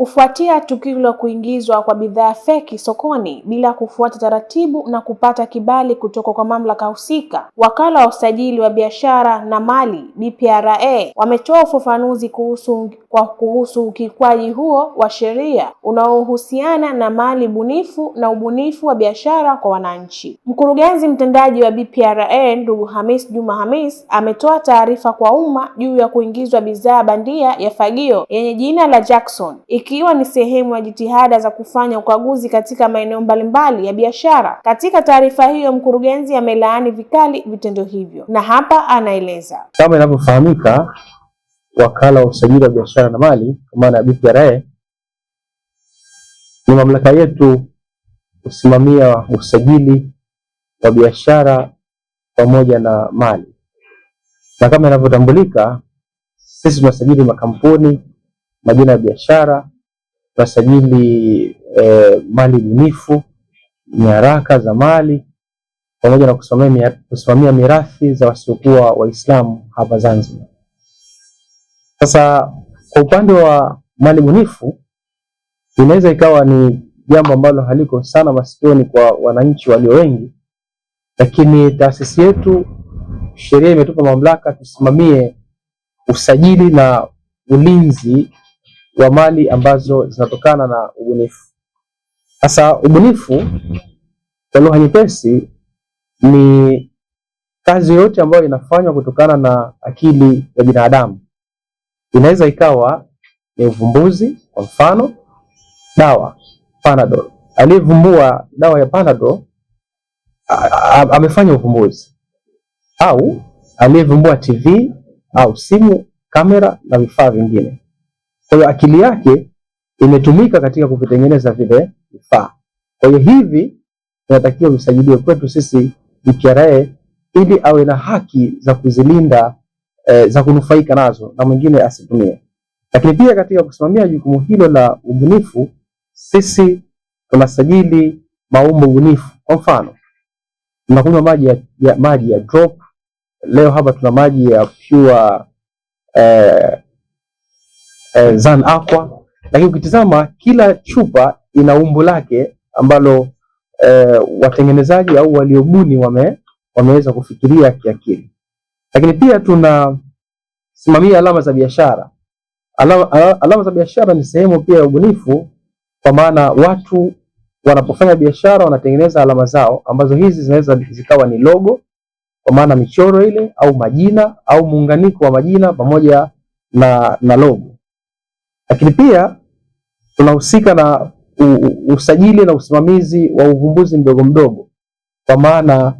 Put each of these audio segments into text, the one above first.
kufuatia tukio la kuingizwa kwa bidhaa feki sokoni bila kufuata taratibu na kupata kibali kutoka kwa mamlaka husika. Wakala wa usajili wa biashara na mali BPRA wametoa ufafanuzi kuhusu kwa kuhusu ukiukwaji huo wa sheria unaohusiana na mali bunifu na ubunifu wa biashara kwa wananchi. Mkurugenzi mtendaji wa BPRA ndugu Hamis Juma Hamis ametoa taarifa kwa umma juu ya kuingizwa bidhaa bandia ya fagio yenye jina la Jackson ikiwa ni sehemu ya jitihada za kufanya ukaguzi katika maeneo mbalimbali ya biashara. Katika taarifa hiyo, mkurugenzi amelaani vikali vitendo hivyo na hapa anaeleza. Kama inavyofahamika, wakala wa usajili wa biashara na mali kwa maana ya BPRA ni mamlaka yetu kusimamia usajili wa biashara pamoja na mali, na kama inavyotambulika, sisi tunasajili makampuni, majina ya biashara tunasajili e, eh, mali bunifu, nyaraka za mali pamoja na kusimamia, kusimamia mirathi za wasiokuwa Waislamu hapa Zanzibar. Sasa kwa upande wa mali bunifu inaweza ikawa ni jambo ambalo haliko sana masikioni kwa wananchi walio wengi, lakini taasisi yetu, sheria imetupa mamlaka tusimamie usajili na ulinzi wa mali ambazo zinatokana na ubunifu. Sasa ubunifu kwa lugha nyepesi ni kazi yoyote ambayo inafanywa kutokana na akili ya binadamu. Inaweza ikawa ni uvumbuzi, kwa mfano dawa Panadol. Aliyevumbua dawa ya Panadol amefanya uvumbuzi, au aliyevumbua TV au simu, kamera na vifaa vingine. Kwa hiyo akili yake imetumika katika kuvitengeneza vile vifaa. Kwa hiyo hivi inatakiwa visajiliwe kwetu sisi DPRA, ili awe na haki za kuzilinda e, za kunufaika nazo na mwingine asitumie. Lakini pia katika kusimamia jukumu hilo la ubunifu, sisi tunasajili maumbo bunifu. Kwa mfano, tunakunywa maji ya, ya, maji ya drop. Leo hapa tuna maji ya pure eh, eh, Zan Aqua, lakini ukitizama kila chupa ina umbo lake ambalo eh, watengenezaji au waliobuni wame, wameweza kufikiria kiakili. Lakini pia tunasimamia alama za biashara. Alama, alama za biashara ni sehemu pia ya ubunifu, kwa maana watu wanapofanya biashara wanatengeneza alama zao ambazo hizi zinaweza zikawa ni logo kwa maana michoro ile au majina au muunganiko wa majina pamoja na, na logo. Lakini pia tunahusika na usajili na usimamizi wa uvumbuzi mdogo mdogo, kwa maana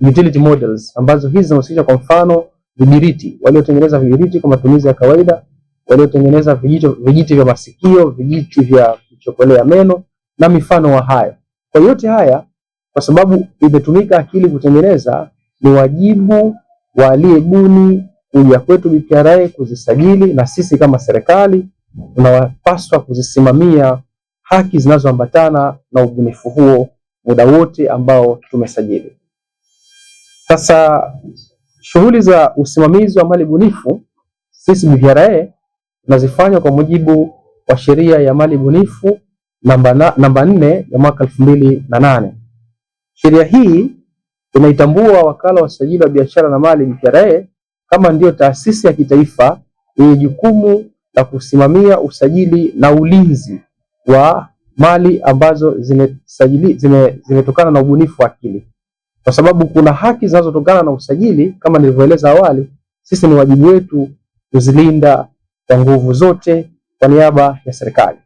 uh, utility models ambazo hizi zinahusisha kwa mfano vibiriti, waliotengeneza vibiriti kwa matumizi ya kawaida, waliotengeneza vijiti vya masikio, vijiti vya kuchokolea meno na mifano wa hayo. Kwa yote haya, kwa sababu imetumika akili kutengeneza, ni wajibu wa aliyebuni kuja kwetu BPRA kuzisajili na sisi kama serikali unapaswa kuzisimamia haki zinazoambatana na ubunifu huo muda wote ambao tumesajili. Sasa shughuli za usimamizi wa mali bunifu sisi BVRA tunazifanya kwa mujibu wa sheria ya mali bunifu namba na, namba nne ya mwaka elfu mbili na nane. Sheria hii inaitambua wakala wa usajili wa biashara na mali BVRA kama ndiyo taasisi ya kitaifa yenye jukumu la kusimamia usajili na ulinzi wa mali ambazo zimesajili zime, zimetokana na ubunifu wa akili, kwa sababu kuna haki zinazotokana na usajili. Kama nilivyoeleza awali, sisi ni wajibu wetu kuzilinda kwa nguvu zote kwa niaba ya serikali,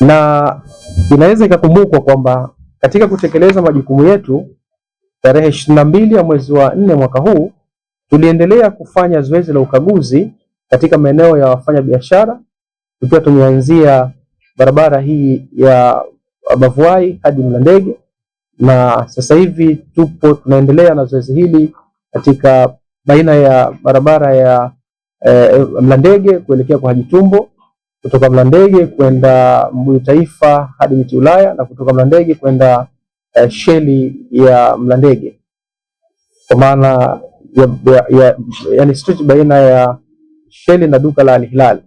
na inaweza ikakumbukwa kwamba katika kutekeleza majukumu yetu, tarehe ishirini na mbili ya mwezi wa nne mwaka huu tuliendelea kufanya zoezi la ukaguzi katika maeneo ya wafanyabiashara, tukiwa tumeanzia barabara hii ya Bavuai hadi Mlandege, na sasa hivi tupo tunaendelea na zoezi hili katika baina ya barabara ya eh, Mlandege kuelekea kwa hajitumbo kutoka Mlandege kwenda Mbuyu Taifa hadi Miti Ulaya, na kutoka Mlandege kwenda eh, sheli ya Mlandege kwa maana ya, ya, ya, yani street baina ya sheli na duka la Al-Hilal.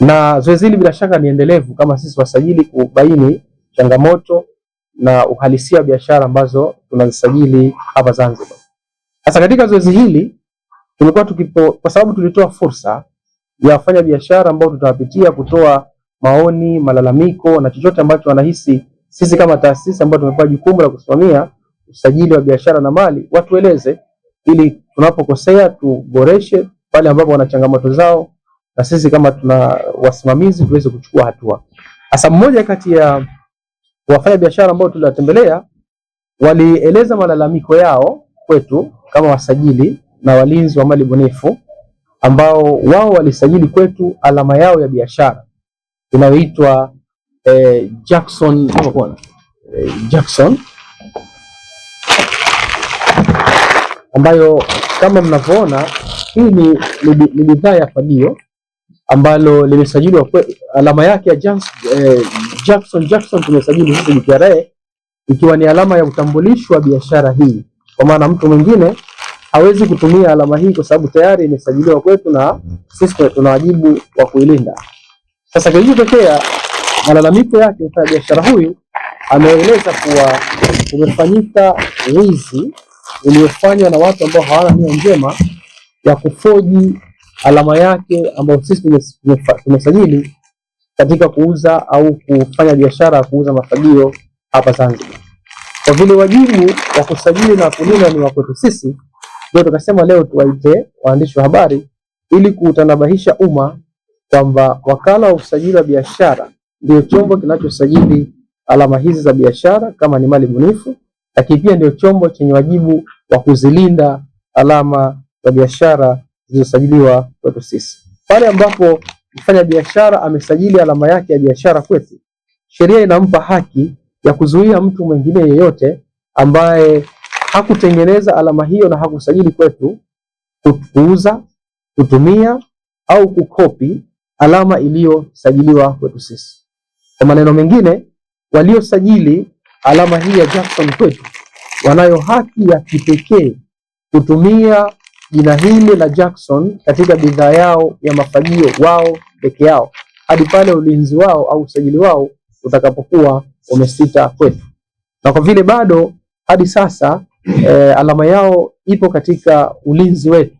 Na zoezi hili bila shaka ni endelevu kama sisi wasajili kubaini changamoto na uhalisia wa biashara ambazo tunazisajili hapa Zanzibar. Sasa katika zoezi hili tumekuwa tukipo, kwa sababu tulitoa fursa ya wafanya biashara ambao tutawapitia kutoa maoni, malalamiko na chochote ambacho wanahisi sisi kama taasisi ambayo tumepewa jukumu la kusimamia usajili wa biashara na mali watueleze, ili tunapokosea tuboreshe, pale ambapo wana changamoto zao, na sisi kama tuna wasimamizi tuweze kuchukua hatua. Hasa mmoja kati ya wafanya biashara ambao tuliwatembelea walieleza malalamiko yao kwetu kama wasajili na walinzi wa mali bunifu ambao wao walisajili kwetu alama yao ya biashara inayoitwa eh, Jackson eh, Jackson ambayo kama mnavyoona hii ni ni bidhaa ya fagio ambalo limesajiliwa alama yake ya eh, Jackson Jackson tumesajili sisi TRA, ikiwa ni alama ya utambulisho wa biashara hii, kwa maana mtu mwingine hawezi kutumia alama hii kwa sababu tayari imesajiliwa kwetu na sisi tuna wajibu wa kuilinda. Sasa kilichotokea, malalamiko yake biashara huyu ameeleza kuwa kumefanyika wizi uliofanywa na watu ambao hawana nia njema ya kufoji alama yake ambayo sisi tumesajili katika kuuza au kufanya biashara ya kuuza mafagio hapa Zanzibar. Kwa vile wajibu wa kusajili na kulinda ni wa sisi, ndio tukasema leo tuwaite waandishi wa habari ili kutanabahisha umma kwamba wakala wa usajili wa biashara ndio chombo kinachosajili alama hizi za biashara kama ni mali bunifu, lakini pia ndio chombo chenye wajibu wa kuzilinda alama za biashara zilizosajiliwa kwetu sisi. Pale ambapo mfanya biashara amesajili alama yake ya biashara kwetu, sheria inampa haki ya kuzuia mtu mwingine yeyote ambaye hakutengeneza alama hiyo na hakusajili kwetu kuuza, kutumia au kukopi alama iliyosajiliwa kwetu sisi. Kwa maneno mengine, waliosajili alama hii ya Jackson kwetu wanayo haki ya kipekee kutumia jina hili la Jackson katika bidhaa yao ya mafagio wao peke yao hadi pale ulinzi wao au usajili wao utakapokuwa umesita kwetu, na kwa vile bado hadi sasa e, alama yao ipo katika ulinzi wetu,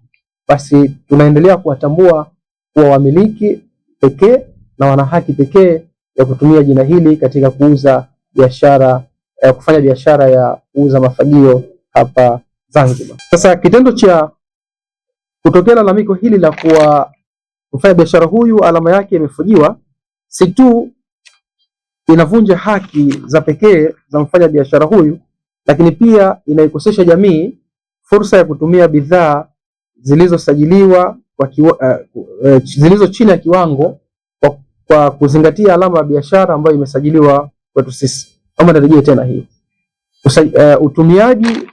basi tunaendelea kuwatambua kuwa wamiliki pekee na wana haki pekee ya kutumia jina hili katika kuuza biashara ya eh, kufanya biashara ya kuuza mafagio hapa Zanzibar. Sasa kitendo cha Kutokea lalamiko hili la kuwa mfanya biashara huyu alama yake imefujiwa, si tu inavunja haki za pekee za mfanya biashara huyu, lakini pia inaikosesha jamii fursa ya kutumia bidhaa zilizosajiliwa uh, uh, zilizo chini ya kiwango kwa, kwa kuzingatia alama ya biashara ambayo imesajiliwa kwetu sisi. Ama nirejee tena hii Usa, uh, utumiaji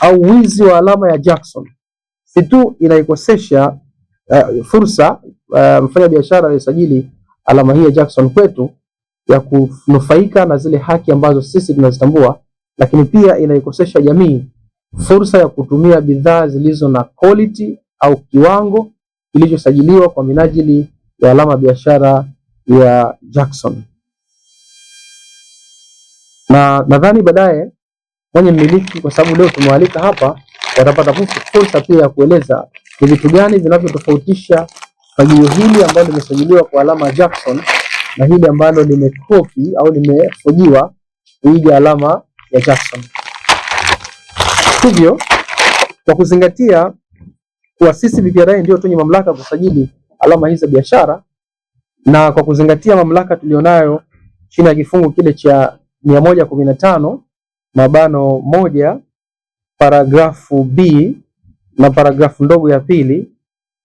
au wizi wa alama ya Jackson si tu inaikosesha uh, fursa uh, mfanya biashara aliyesajili alama hii ya Jackson kwetu ya kunufaika na zile haki ambazo sisi tunazitambua, lakini pia inaikosesha jamii fursa ya kutumia bidhaa zilizo na quality au kiwango kilichosajiliwa kwa minajili ya alama biashara ya Jackson. Na nadhani baadaye mwenye mmiliki, kwa sababu leo tumewalika hapa watapata fursa pia ya kueleza ni vitu gani vinavyotofautisha fagio hili ambalo limesajiliwa kwa alama Jackson na hili ambalo limekopi au limefojiwa kuiga alama ya Jackson. Hivyo kwa kuzingatia kuwa sisi BPRA ndio tunye mamlaka kusajili alama hizi za biashara na kwa kuzingatia mamlaka tulionayo chini ya kifungu kile cha mia moja kumi na tano mabano moja paragrafu B na paragrafu ndogo ya pili,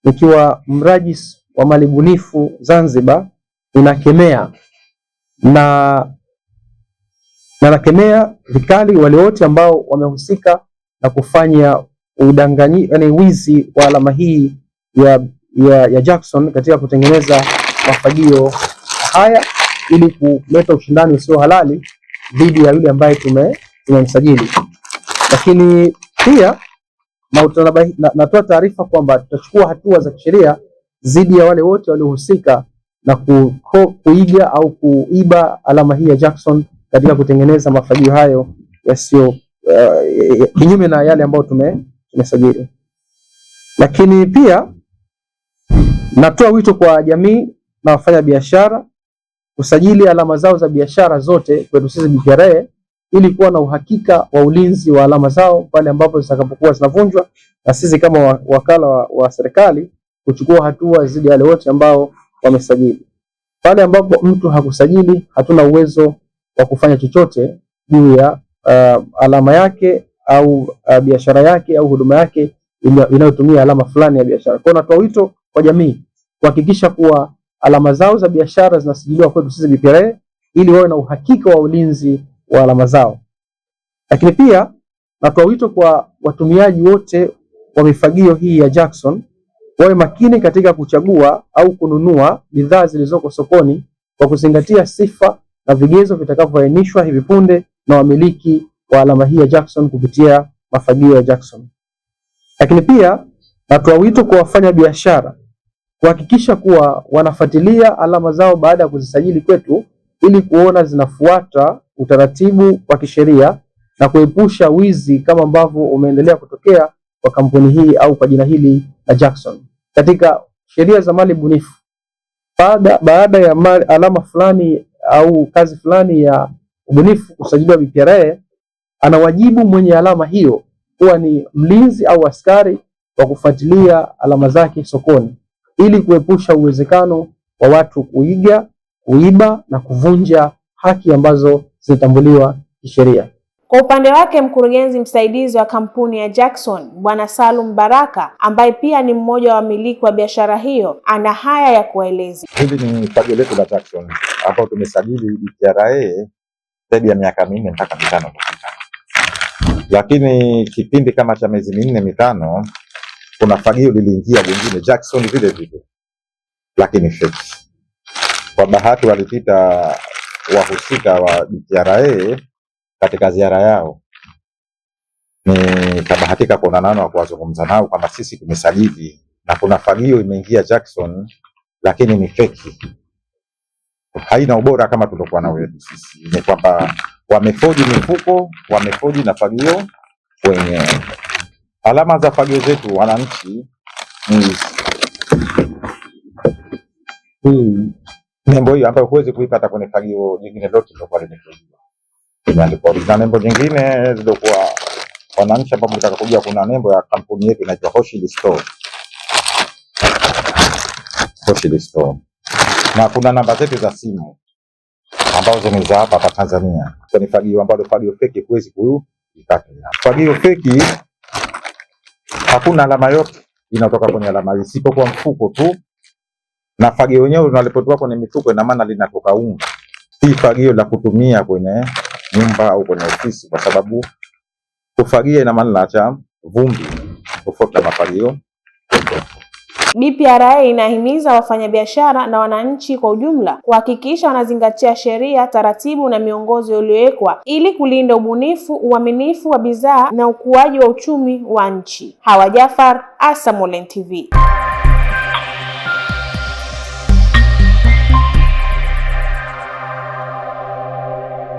ikiwa mrajis wa mali bunifu Zanzibar inakemea na nakemea vikali wale wote ambao wamehusika na kufanya udanganyi, yani wizi wa alama hii ya, ya, ya Jackson katika kutengeneza mafagio haya ili kuleta ushindani usio halali dhidi ya yule ambaye tumemsajili tume lakini pia na natoa taarifa kwamba tutachukua hatua za kisheria dhidi ya wale wote waliohusika na ku, ku, kuiga au kuiba alama hii ya Jackson katika kutengeneza mafagio hayo yasiyo uh, kinyume na yale ambayo tume tumesajili. Lakini pia natoa wito kwa jamii na wafanya biashara kusajili alama zao za biashara zote kwetu sisi BPRA ili kuwa na uhakika wa ulinzi wa alama zao pale ambapo zitakapokuwa zinavunjwa, na sisi kama wakala wa, wa serikali kuchukua hatua dhidi ya wale wote ambao wamesajili. Pale ambapo mtu hakusajili, hatuna uwezo wa kufanya chochote juu ya uh, alama yake au uh, biashara yake au huduma yake inayotumia alama fulani ya biashara. Kwa hiyo natoa wito kwa jamii kuhakikisha kuwa alama zao za biashara zinasajiliwa kwetu sisi BPRA ili wawe na uhakika wa ulinzi wa alama zao. Lakini pia natoa wito kwa watumiaji wote wa mifagio hii ya Jackson wawe makini katika kuchagua au kununua bidhaa zilizoko sokoni kwa kuzingatia sifa na vigezo vitakavyoainishwa hivi punde na wamiliki wa alama hii ya Jackson kupitia mafagio ya Jackson. Lakini pia natoa wito kwa wafanya biashara kuhakikisha kuwa wanafuatilia alama zao baada ya kuzisajili kwetu ili kuona zinafuata utaratibu wa kisheria na kuepusha wizi kama ambavyo umeendelea kutokea kwa kampuni hii au kwa jina hili la Jackson. Katika sheria za mali bunifu, baada baada ya mali, alama fulani au kazi fulani ya ubunifu kusajiliwa BPRA, ana wajibu mwenye alama hiyo kuwa ni mlinzi au askari wa kufuatilia alama zake sokoni ili kuepusha uwezekano wa watu kuiga kuiba na kuvunja haki ambazo zinatambuliwa kisheria. Kwa upande wake mkurugenzi msaidizi wa kampuni ya Jackson Bwana Salum Baraka, ambaye pia ni mmoja wa wamiliki wa biashara hiyo, ana haya ya kuwaeleza. Hili ni tago letu la Jackson ambao tumesajili BPRA zaidi ya miaka minne mpaka mitano, lakini kipindi kama cha miezi minne mitano kuna fagio liliingia jingine Jackson vile vile, lakini feki kwa bahati walipita wahusika wa TRA katika ziara yao, nikabahatika kuonana wa kuwazungumza nao kwamba sisi tumesajili na kuna fagio imeingia Jackson, lakini ni feki, haina ubora kama tulikuwa nao wetu sisi. Ni kwamba wamefoji mifuko, wamefoji na fagio wenyewe. Alama za fagio zetu wananchi ni hmm. hmm nembo hiyo ambayo huwezi kuipata kwenye fagio jingine lote lilokuwa limetujiwa. Imeandikwa na nembo nyingine zilizokuwa wananchi ambao mlitaka kujua, kuna nembo ya kampuni yetu inaitwa Hoshili Store. Hoshili Store. Na kuna namba zetu za simu ambazo ni za hapa hapa Tanzania. Kwa Ni fagio ambalo fagio feki huwezi kuipata. Fagio feki hakuna alama yote inatoka kwenye alama isipokuwa mfuko tu na fagio wenyewe unalipotoa kwenye mifuko, ina maana linatoka unga, si fagio la kutumia kwenye nyumba au kwenye ofisi, kwa sababu kufagia ina maana laacha vumbi, tofauti na mafagio. DPRA inahimiza wafanyabiashara na wananchi kwa ujumla kuhakikisha wanazingatia sheria, taratibu na miongozo iliyowekwa ili kulinda ubunifu, uaminifu wa bidhaa na ukuaji wa uchumi wa nchi. Hawa Jafar, ASAM Online TV.